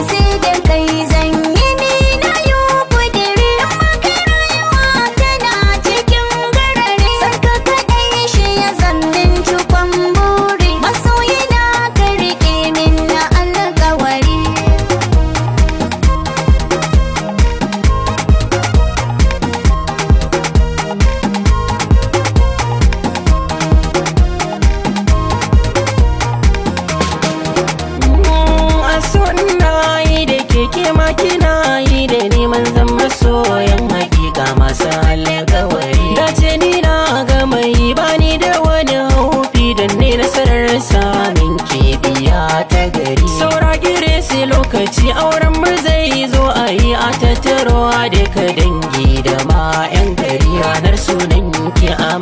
sai da kai lokaci auren murzai zo a yi a tattaro da ka dangi da ma 'yan gari ranar sunan yuki a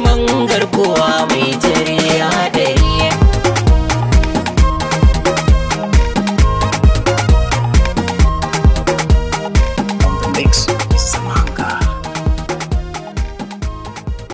mangar kuwa mai jin